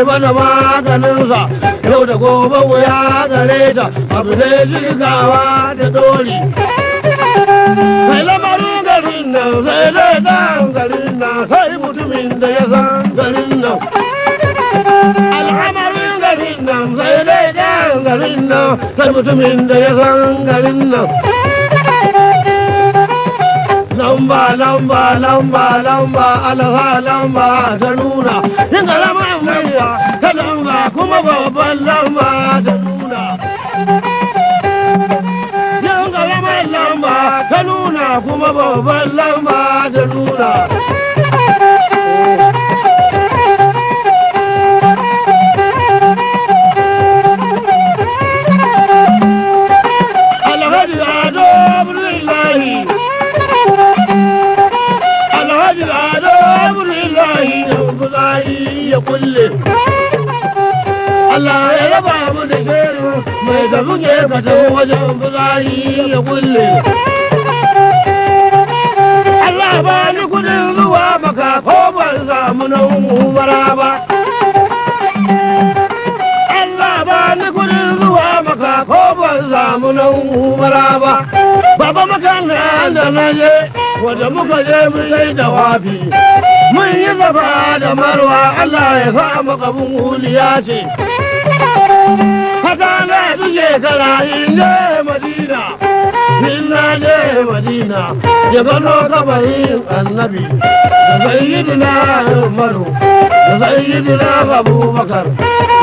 bana maganin sa, yau da gobe ya gare ta abu ne jirgawa da doli kai lamarin garin nan sai dai dan garin nan sai mutumin da ya san garin nan al'amarin garin nan sai dai dan garin nan sai mutumin da ya san garin nan lamba lamba lamba lamba alha lamba ta nuna karamar murya ta lamba kuma babban lamba ta nuna yan karamar lamba ta nuna kuma babban lamba ta nuna Allah ya raba mu da sheru mai da muke kata wajen fitsari ya kulle. Allah ba ni kudin zuwa maka ko ban samu na umara ba. Allah ba ni kudin zuwa maka ko ban samu na umara ba. Baba makana da na je, wanda muka je mun yi da wafi. mun yi zafa da marwa Allah ya sa mu kabun huliya ce haka na duk shekara in je madina in na je madina ya bano kabarin annabi da sayyidina umaru da sayyidina abubakar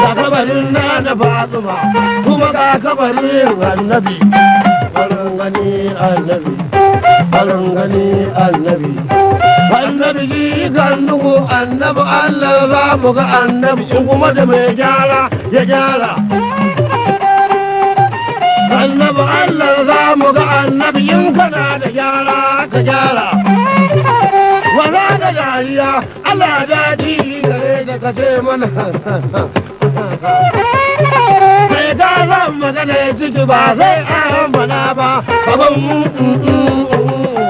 da kabarin na da fatima kuma ka kabarin annabi Alangani annabi, alangani annabi, annabu annabu Allah za mu ga annabi in kuma da mai gyara ya gyara annabu Allah za mu ga annabi in kana da gyara ka gyara wala da dariya Allah daɗi gare da ka ce mana mai magana ya ji ba zai a bana ba kaban mu mm, mm, mm.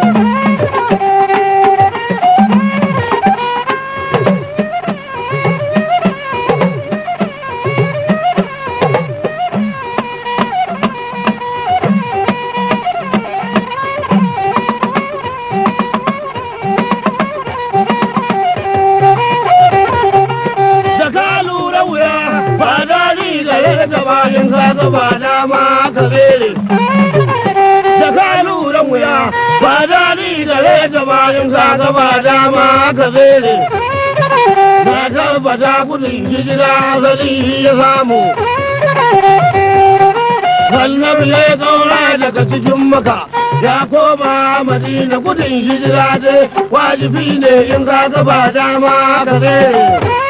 gaba in ka gaba dama ka tsere na tabbata gudun hijira asali ya samu sannan ya kaura daga cikin maka ya koma madina gudun hijira dai wajibi ne in ka gaba dama ka zere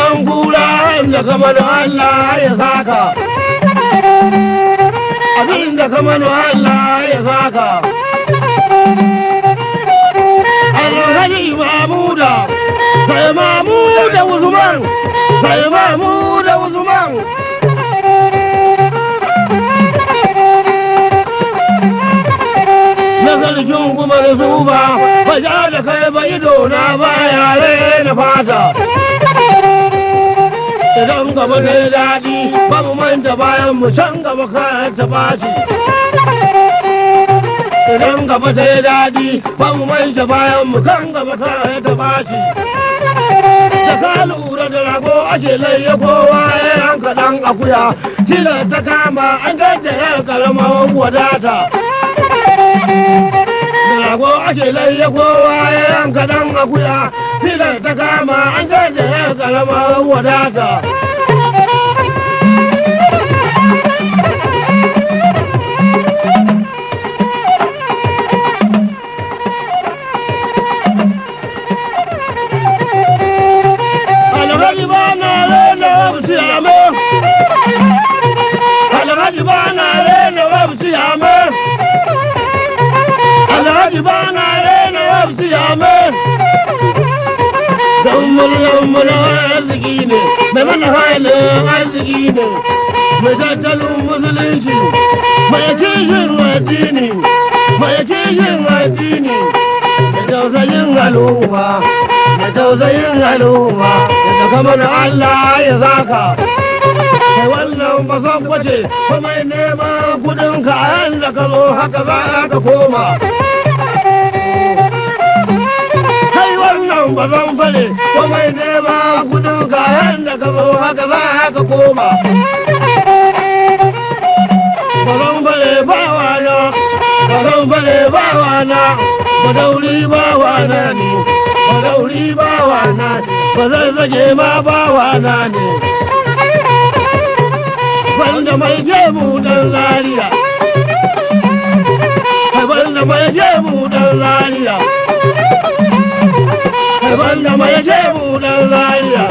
dan bura inda ka mano Allah ya saka abin da ka mano Allah ya saka alhaji mamuda sai mamuda usman sai mamuda usman Nazarcin kuma da su ba, ba da kai ba ido na ba yare na fata. idan gaba ne daɗi ba mu manta bayan mu can gaba ka ta bashi idan gaba ta daɗi ba mu manta bayan mu kan gaba ka ta bashi da ka lura da rago ake laye kowa ya eh, yanka ɗan akuya kila ta kama an gaddaya karamar wadata rago ake laye kowa ya yanka dan akuya filar ta kama an da ya karama wadata bana rena wabsu yame zaumul zaumul arziki ne mai manhailin arziki ne mai tattalin musulunci mai kishin addini mai kishin addini da tausayin al'umma da tausayin al'umma da kamar Allah ya zaka kai wannan ba zan kwace kuma nema kudinka a yanda ka zo haka za ka koma nan ba zan fare komai ne ba gudu ga yadda ka zo haka za ka koma ba zan fare ba wana balon bale fare ba wana ba dauri ba wana ne ba dauri ba wana ba zan zage ma ba wana ne banda mai gemu dan lariya banda mai gemu dan lariya wanda mai je buɗan zariya